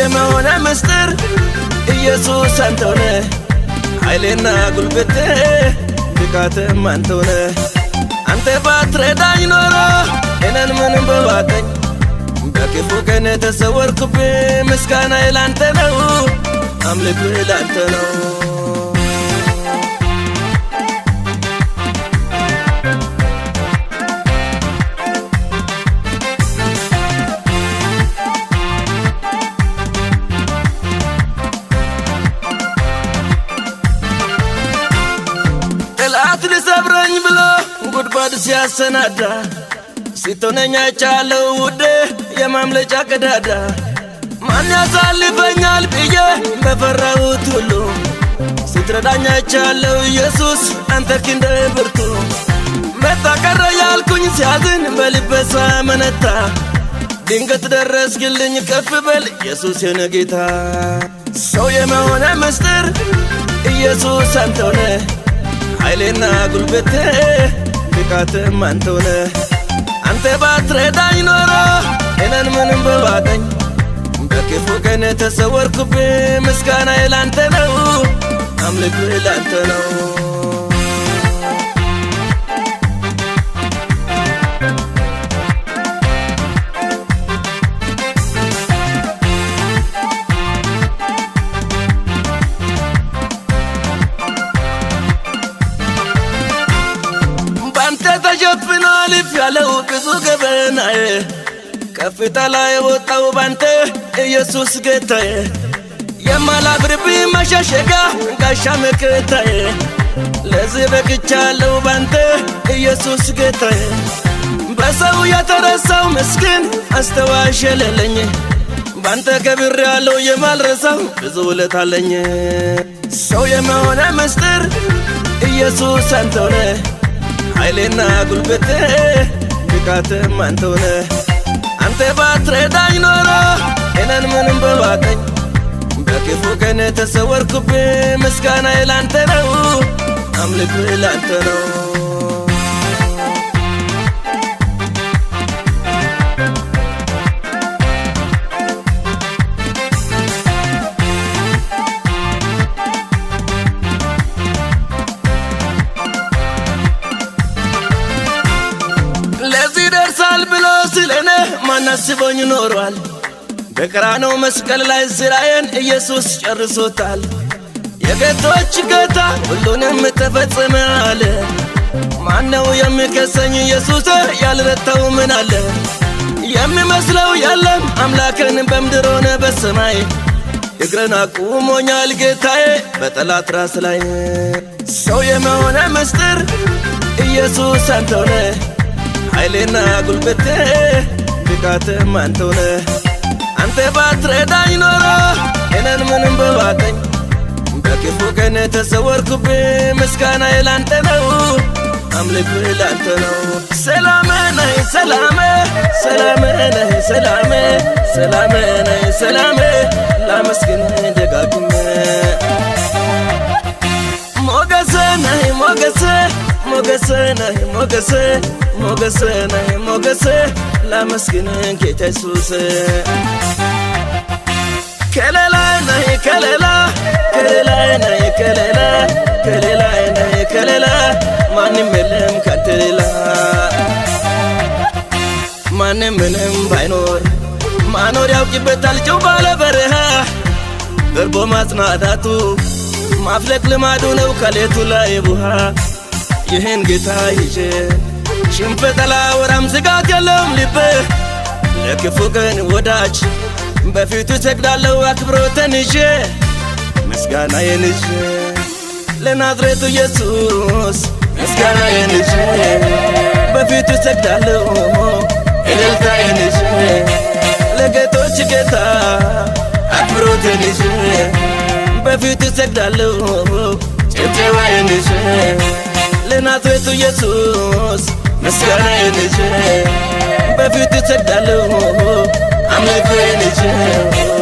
የመሆነ ምስጢር ኢየሱስ አንተውነ ኃይሌና ጉልበቴ ድቃትም አንተውነ አንተ ባትረዳኝ ኖሮ እኔን ምንም በባጠኝ በክፉ ቀን የተሰወርኩብ ምስጋና ላንተ ነው አምልኮ ላንተ ነው ነኝ ብሎ ጉድጓድ ሲያሰናዳ ሲቶነኛ ቻለው ውዴ የማምለጫ ቀዳዳ ማን ያሳልፈኛል ብዬ በፈራሁት ሁሉ ስትረዳኛ ቻለው ኢየሱስ አንተ ክንደ ብርቱ መጣ ቀረ ያልኩኝ ሲያዝን በልበሳ መነታ ድንገት ደረስክልኝ ከፍ በል ኢየሱስ የኔ ጌታ ሰው የመሆነ ምስጢር ኢየሱስ አንተውነ ኃይሌና ጉልበቴ ብቃትም አንተውነ አንተ ባትረዳኝ ኖሮ እኔን ምንም በባቀኝ በክፉ ቀን ተሰወርኩብ ምስጋና ላንተ ነው አምልኩ ላንተ ነው ያለው ብዙ ገበናዬ ከፍታ ላይ ወጣው ባንተ ኢየሱስ ጌታዬ የማላብርብ ማሻሸጋ ጋሻ መከታዬ ለዚህ በቅቻለው ባንተ ኢየሱስ ጌታዬ በሰው የተረሳው ምስኪን አስተዋሸለለኝ ባንተ ከብር ያለው የማልረሳው ብዙ ውለት አለኝ ሰው የመሆነ ምስጢር ኢየሱስ አንተሆነ። ኃይሌና ጉልበቴ ብቃትም አንተውነ አንተ ባትረዳኝ ኖሮ እኔን ምንም በዋጠኝ በክፉ ቀን ተሰወርኩብ ምስጋና ላንተ ነው አምልክ ላንተ ነው አስቦኝ ኖሯል። በቀራነው መስቀል ላይ ስራዬን ኢየሱስ ጨርሶታል። የጌቶች ጌታ ሁሉንም ተፈጽመ አለ። ማነው የሚከሰኝ? ኢየሱስ ያልረታው ምን አለ? የሚመስለው የለም አምላክን በምድር ሆነ በሰማይ እግረን አቁሞኛል ጌታዬ በጠላት ራስ ላይ ሰው የመሆነ ምስጢር ኢየሱስ አንተውነ ኃይሌና ጉልበቴ ብቃትም አንተውነ አንተ ባትረዳኝ ኖሮ እኔን ምንም በባተኝ በክፉ ቀን ተሰወርኩብ ምስጋና የላንተ ነው አምልኮ የላንተ ነው። ሰላም ነህ ሰላም ሰላም ነህ ሰላም ሰላም ነህ ሰላም ላመስግንህ ደጋግሜ ነህ ሞገስ ሞገስ ነህ ሞገስ ላመስግን ጌታ ኢየሱስ ከሌላ ነህ ከሌላ ከሌላ ነህ ከሌላ ከሌላ ነህ ከሌላ ማንም የለም ካንተ ሌላ ማንም ምንም ባይኖር ማኖር ያውቂበታል ጨው ባለ በረሃ ደርቦ ማጽናናቱ ማፍለቅ ልማዱ ነው ከሌቱ ላይ ቡሃ ይህን ጌታ ይዤ ሽንፈት ወራም ስጋት የለውም ልቤ ለክፉ ቀን ወዳጅ በፊቱ ሰግዳለሁ አክብሮቴን ይዤ ምስጋናዬን ይዤ ለናዝሬቱ ኢየሱስ ምስጋናዬን ይዤ በፊቱ ሰግዳለሁ እልልታዬን ይዤ ለጌቶች ጌታ አክብሮቴን ይዤ በፊቱ ሰግዳለሁ ጭብጨባዬን ይዤ የጥናት ቤቱ ኢየሱስ ምስጋናዬ ልጅ በፊት እሰግዳለሁ አምልኮ ልጅ